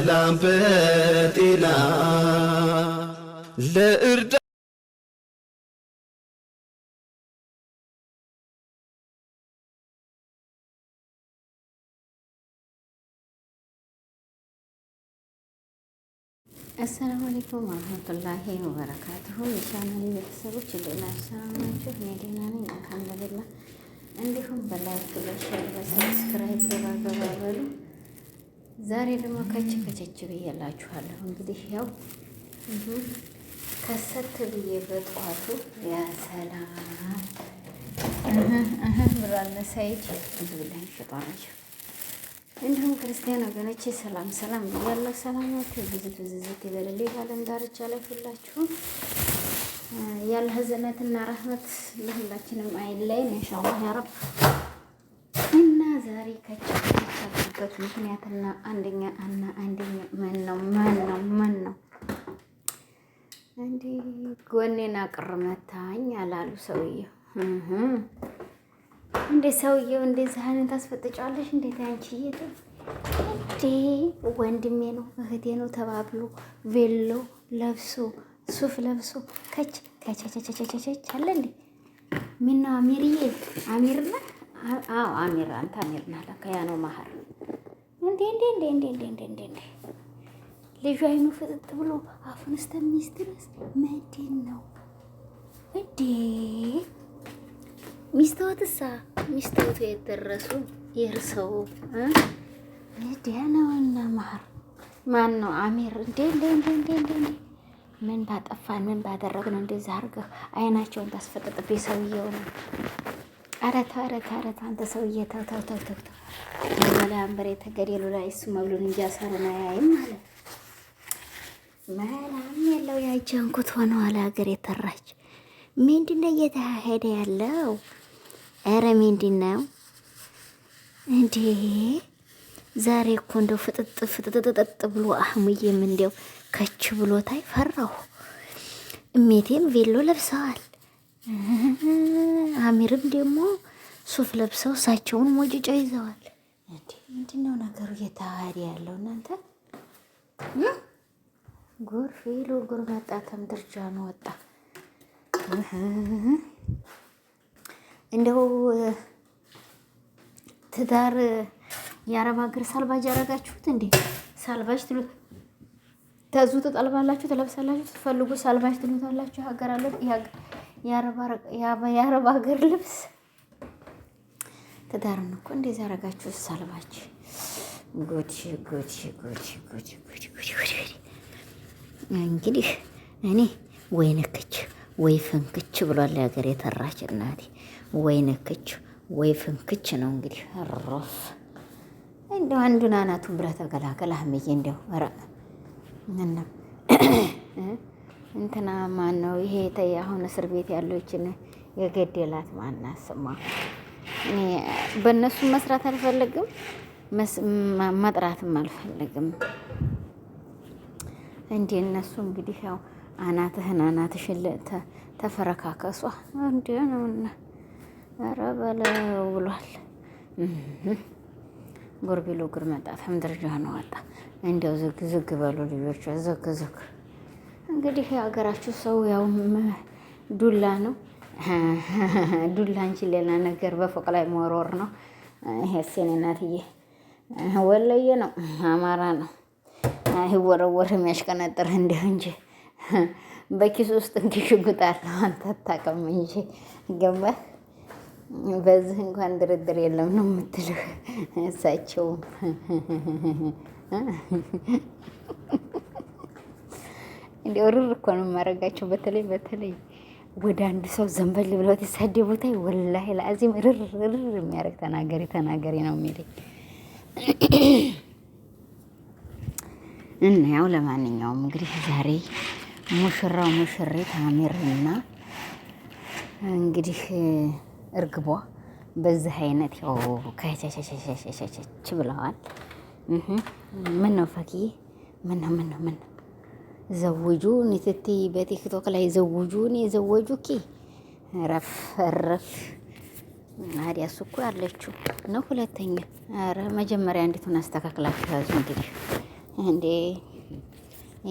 በሰላም በጤና ለእርዳ አሰላሙ አለይኩም ወረህመቱላሂ ወበረካቱሁ። የቻናሌ ቤተሰቦች እንደምን ናችሁ? ሰላም ናችሁ? እኔ ደህና ነኝ አልሐምዱሊላህ። እንዲሁም በላይክ በሼር በሰብስክራይብ ገባ ገባ በሉ ዛሬ ደግሞ ከች ከቸች ብዬላችኋለሁ። እንግዲህ ያው ከሰት ብዬ በጠዋቱ ያ ሰላም ብሏል ሰይድ ብዙ ላይ እንዲሁም ክርስቲያን ወገኖቼ ሰላም ሰላም ብያለሁ። ሰላማችሁ ብዙ ብዝዝት ይበልል። ባለም ዳርቻ ላይ ሁላችሁም ያለ ህዝነትና ረህመት ለሁላችንም አይለይን ኢንሻአላህ ያረብ እና ዛሬ ከቻ የሆነበት ምክንያትና አንደኛ እና አንደኛ ምን ነው ምን ነው ምን ነው እንዲህ ጎኔን አቅር መታኝ አላሉ ሰውየው። እንዴ ሰውየው እንደዚህ አይነት ታስፈጥጫለሽ? እንዴት አንቺ ይሄ እንዴ ወንድሜ ነው እህቴ ነው ተባብሎ ቬሎ ለብሶ ሱፍ ለብሶ ከች ከቸቸቸቸቸች አለ እንዴ ሚና አሚርዬ አሚርና አዎ አሚር አንተ አሚርና ለካ ያ ነው ማህር እንዴ እንዴ እንዴ እንዴ እንዴ እንዴ እንዴ ልጁ አይኑ ፍጥጥ ብሎ አፉን እስከሚይዝ ድረስ ምንድን ነው እንዴ? የደረሱ የእርሰው ማር ማን ነው አሚር? እንዴ እንዴ እንዴ እንዴ እንዴ ምን ባጠፋን ምን ባደረግን እንደዛ አድርገህ አይናቸውን ታስፈጠጥብ የሰውየው ነው አረታ አረታ አረታ አንተ ሰውዬ ተው ተው ተው ተው ተው በላይ አንበሬ ተገደሉ ላይ እሱ መብሉን እንጂ አሳረና ያይም አለ መላም ያለው ያጀንኩት ሆነ አለ ሀገር የተራች ምንድነው እየተሄደ ያለው? ኧረ ምንድነው እንዴ? ዛሬ እኮ እንደው ፍጥጥ ፍጥጥጥጥ ብሎ አህሙዬም እንደው ከች ብሎታይ ፈራሁ። እሜቴም ቬሎ ለብሰዋል። አሚርም ደግሞ ሱፍ ለብሰው እሳቸውን ሞጭጮ ይዘዋል። ምንድን ነው ነገሩ እየተዋሃደ ያለው እናንተ? ጉር ፊሉ ጉር መጣ፣ ከምድርጃ ነው ወጣ። እንደው ትዳር የአረብ ሀገር ሳልባጅ ያደረጋችሁት እንዴ? ሳልባጅ ትሉ ተዙ ትጠልባላችሁ፣ ትለብሳላችሁ፣ ትፈልጉ ሳልባጅ ትሉታላችሁ። ሀገር አለ የአረብ ሀገር ልብስ ትዳርን እኮ እንደዚህ አረጋችሁ ሳልባች ጉድ ጉድ ጉድ ጉድ ጉድ ጉድ። እንግዲህ እኔ ወይ ነክች ወይ ፍንክች ብሏል የሀገር የተራች እናቴ። ወይ ነክች ወይ ፍንክች ነው እንግዲህ። ሮፍ እንደው አንዱን አናቱን ብለህ ተገላገል አህምዬ እንደው ኧረ እንትና ማን ነው ይሄ አሁን እስር ቤት ያለችን የገደላት ማና ስማ፣ በእነሱ መስራት አልፈልግም፣ መጥራትም አልፈልግም። እንዴ እነሱ እንግዲህ ያው አናትህን አናትሽን ተፈረካከሷ እንዲ ነውና ኧረ በለው ብሏል። ጎርቤሎ እግር መጣ ተምድርጃ ነው ወጣ። እንዲያው ዝግ ዝግ በሉ ልጆች ዝግ ዝግ እንግዲህ የሀገራችሁ ሰው ያው ዱላ ነው ዱላ እንጂ ሌላ ነገር በፎቅ ላይ መሮር ነው። ይሄ እናትዬ ወለየ ነው፣ አማራ ነው። ወረወር የሚያሽቀነጥር እንዲህ እንጂ በኪስ ውስጥ እንዲህ ሽጉጥ አለው አንተ አታውቅም እንጂ ገባ በዚህ እንኳን ድርድር የለም ነው የምትልህ እሳቸውም እንደ ሩር እኮ ነው የማደርጋቸው። በተለይ በተለይ ወደ አንድ ሰው ዘንበል ብለው የተሳደ ቦታ ወላሂ ለአዚም ርር ርር የሚያደርግ ተናገሪ ተናገሪ ነው የሚለኝ እና ያው ለማንኛውም እንግዲህ ዛሬ ሙሽራው ሙሽሪት ታሚርና እንግዲህ እርግቧ በዚህ አይነት ያው ከቻቻቻቻቻች ብለዋል። ምን ነው ፈኪ ምን ምን ምን ዘውጁን ስትይ በቲክቶክ ላይ ዘውጁን የዘወጁ ኪ ረፍ ረፍ ታዲያ እሱ እኮ ያለችው ነው። ሁለተኛ ኧረ መጀመሪያ እንዴቱን አስተካክላችሁ ያዙ። እንግዲህ እንዴ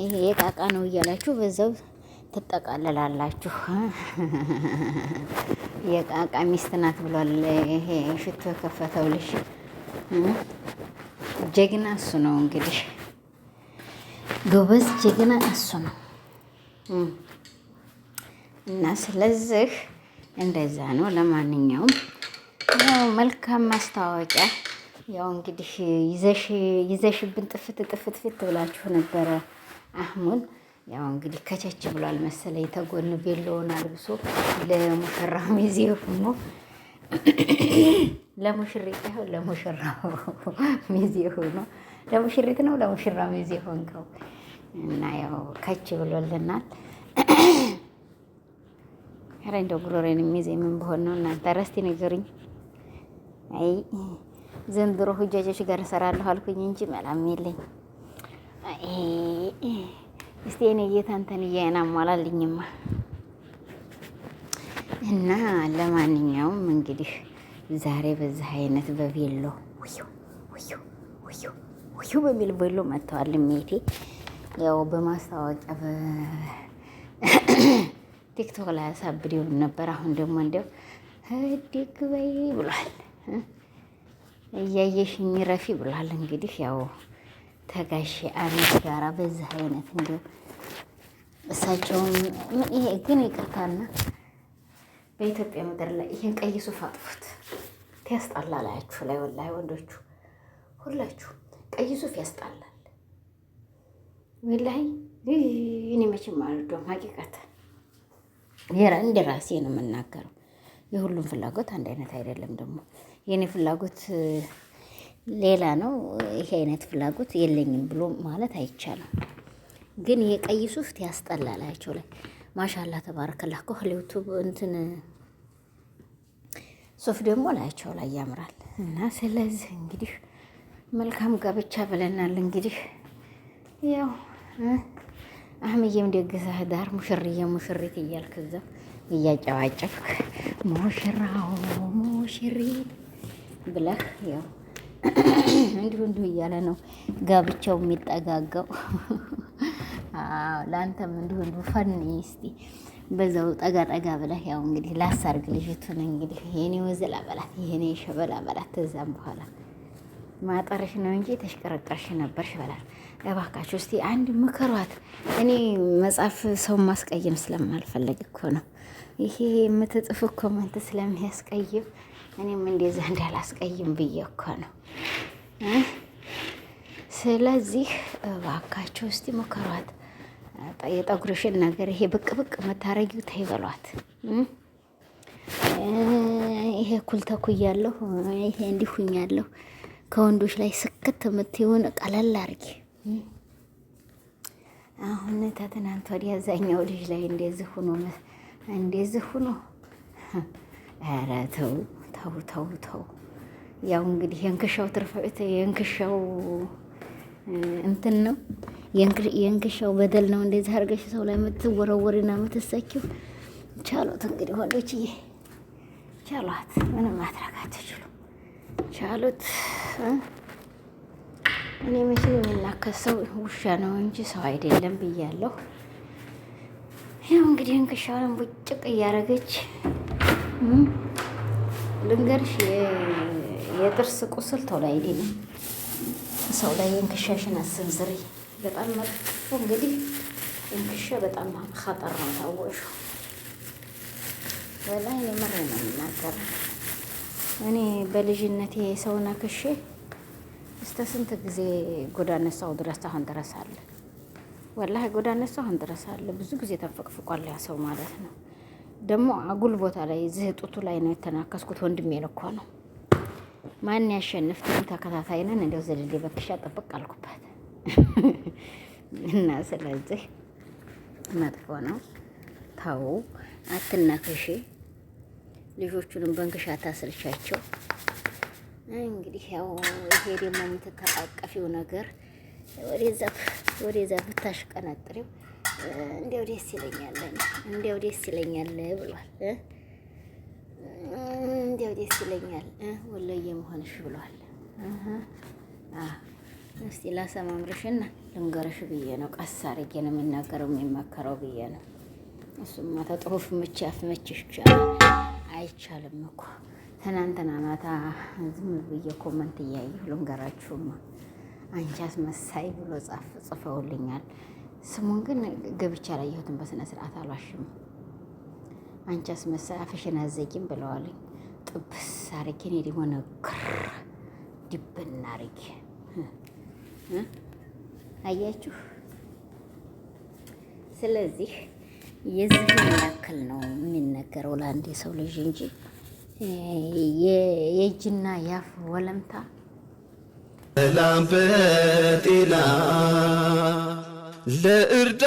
ይሄ የቃቃ ነው እያላችሁ በዛው ትጠቃለላላችሁ። የቃቃ ሚስት ናት ብሏል ይሄ ሽቶ የከፈተው ልጅ ጀግና እሱ ነው እንግዲህ ጎበዝ ጀግና እሱ ነው እና ስለዚህ እንደዛ ነው። ለማንኛውም ያው መልካም ማስታወቂያ ያው እንግዲህ ይዘሽ ይዘሽብን ጥፍት ጥፍት ፊት ብላችሁ ነበረ አህሙን ያው እንግዲህ ከቸች ብሏል መሰለ የተጎን ቤሎውን አልብሶ ለሙሽራው ሚዜ ሆኖ ለሙሽሪት ለሙሽራው ሚዜ ሆኖ ለሙሽሪት ነው ለሙሽራ ሚዜ ሆንከው እና ያው ከች ብሎልናል። ኧረ እንደው ጉሮሬን የሚይዘ ምን ብሆን ነው እናንተ? ረስቲ ንገሩኝ። አይ ዘንድሮ ሁጃጆች ጋር እሰራለሁ አልኩኝ እንጂ መላም የለኝ። እስቲ እኔ እየታንተን እያየን አሟላልኝማ። እና ለማንኛውም እንግዲህ ዛሬ በዚህ አይነት በቬሎ ውዩ ውዩ ውዩ በሚል ቬሎ መጥተዋል ሜቴ ያው በማስታወቂያ በቲክቶክ ላይ ያሳብደው ነበር። አሁን ደግሞ እንደው ህድግ በይ ብሏል። እያየሽ ረፊ ብሏል። እንግዲህ ያው ተጋሽ አሚር ጋራ በዚህ አይነት እንዲያው እሳቸውን ይሄ ግን ይቅርታና በኢትዮጵያ ምድር ላይ ይሄን ቀይ ሱፍ አጥፉት። ያስጣላ ላያችሁ ላይ ወላሂ ወንዶቹ ሁላችሁ ቀይ ሱፍ ያስጣላል። ወላሂ እኔ መቼም አልወደውም። ሀቂቃት እንደ ራሴ ነው የምናገረው። የሁሉም ፍላጎት አንድ አይነት አይደለም። ደግሞ የእኔ ፍላጎት ሌላ ነው፣ ይሄ አይነት ፍላጎት የለኝም ብሎ ማለት አይቻልም። ግን የቀይ ሱፍት ያስጠላል። አያቸው ላይ ማሻላ ተባረከላ ኮህሌቱ እንትን ሱፍ ደግሞ ላያቸው ላይ ያምራል። እና ስለዚህ እንግዲህ መልካም ጋብቻ ብለናል። እንግዲህ ያው አህምዬም ደግሰህ ዳር ሙሽርዬ ሙሽሪት እያልክ እዛ እያጨባጨብክ ሙሽራው ሙሽሪት ብለህ ያው እንዲሁ እንዲሁ እያለ ነው ጋብቻው የሚጠጋጋው። ለአንተም እንዲሁ እንዲሁ ፈን እስቲ በዛው ጠጋ ጠጋ ብለህ ያው እንግዲህ ላሳርግ ልጅቱን እንግዲህ የኔ ወዘላ በላት የኔ ሸበላ በላት። ተዛም በኋላ ማጠርሽ ነው እንጂ ተሽቀረቀርሽ ነበርሽ በላት። እባካችሁ እስቲ አንድ ምከሯት። እኔ መጽሐፍ ሰው ማስቀይም ስለማልፈለግ እኮ ነው ይሄ የምትጽፍ ኮመንት ስለሚያስቀይም እኔም እንደዛ እንዳላስቀይም ብዬ እኮ ነው። ስለዚህ እባካችሁ እስቲ ምከሯት። የጠጉርሽን ነገር ይሄ ብቅ ብቅ የምታረጊው ተይ ይሄ ኩልተኩ እያለሁ ይሄ እንዲሁኛለሁ ከወንዶች ላይ ስክት የምትሆን ቀለል አርጌ አሁን ተትናንት ወዲያ አብዛኛው ልጅ ላይ እንደዚህ ሁኖ እንደዚህ ሁኖ፣ ኧረ ተው ተው ተው ተው። ያው እንግዲህ የእንክሻው ትርፍት የእንክሻው እንትን ነው የእንክሻው በደል ነው። እንደዚህ አድርገሽ ሰው ላይ የምትወረወሪና የምትሰኪው ቻሏት። እንግዲህ ወንዶችዬ ቻሏት፣ ምንም ማድረግ አትችሉም። ቻሉት። እኔ መቼም የምናከሰው ውሻ ነው እንጂ ሰው አይደለም ብያለሁ። ያው እንግዲህ እንክሻለን ቡጭቅ እያደረገች ልንገርሽ፣ የጥርስ ቁስል ተው ላይ አይደለም ሰው ላይ እንክሻሽን አሰንዝሪ። በጣም መጥፎ እንግዲህ እንክሻ በጣም ኸጠር ነው ታወሹ በላይ የምሬን ነው የምናገር እኔ በልጅነቴ ሰውን ክሼ እስከ ስንት ጊዜ ጎዳነሳው ድረስ አሁን ድረስ አለ። ወላሂ ጎዳነሳው አሁን ድረስ አለ። ብዙ ጊዜ ተንፈቅፍቋል ያ ሰው ማለት ነው። ደግሞ አጉል ቦታ ላይ ዝህ ጡቱ ላይ ነው የተናከስኩት። ወንድሜ እኮ ነው ማን ያሸንፍ ተከታታይ ነን። እንደው ዘልሌ በክሻ ጥብቅ አልኩበት እና ስለዚህ መጥፎ ነው። ተው አትናክሽ። ልጆቹንም በንክሻ ታስልቻቸው። እንግዲህ ያው ይሄ ደግሞ የምትተቃቀፊው ነገር ወደዛ ብታሽቀነጥሪው እንዲያው ደስ ይለኛል፣ እንዲያው ደስ ይለኛል ብሏል። እንዲያው ደስ ይለኛል ወሎዬ መሆንሽ ብሏል። እስቲ ላሰማምርሽና ልንገርሽ ብዬ ነው። ቀስ አድርጌ ነው የሚናገረው የሚመከረው ብዬ ነው። እሱማ ተጥሩፍ ምቻፍ መችሽ አይቻልም እኮ ትናንትና ማታ ዝም ብዬ ኮመንት እያየሁ ልንገራችሁማ አንቺ አስመሳይ ብሎ ጽፈውልኛል። ስሙን ግን ገብቼ አላየሁትም። በስነ ስርዓት አላሽም። አንቺ አስመሳይ አፍሽን አዘጊም ብለዋልኝ። ጥብስ አርጌ እኔ ደግሞ ነግር ድብና አርጌ አያችሁ። ስለዚህ የዚህ ያክል ነው የሚነገረው ለአንድ የሰው ልጅ እንጂ የእጅና የአፍ ወለምታ ሰላም በጤና ለእርዳ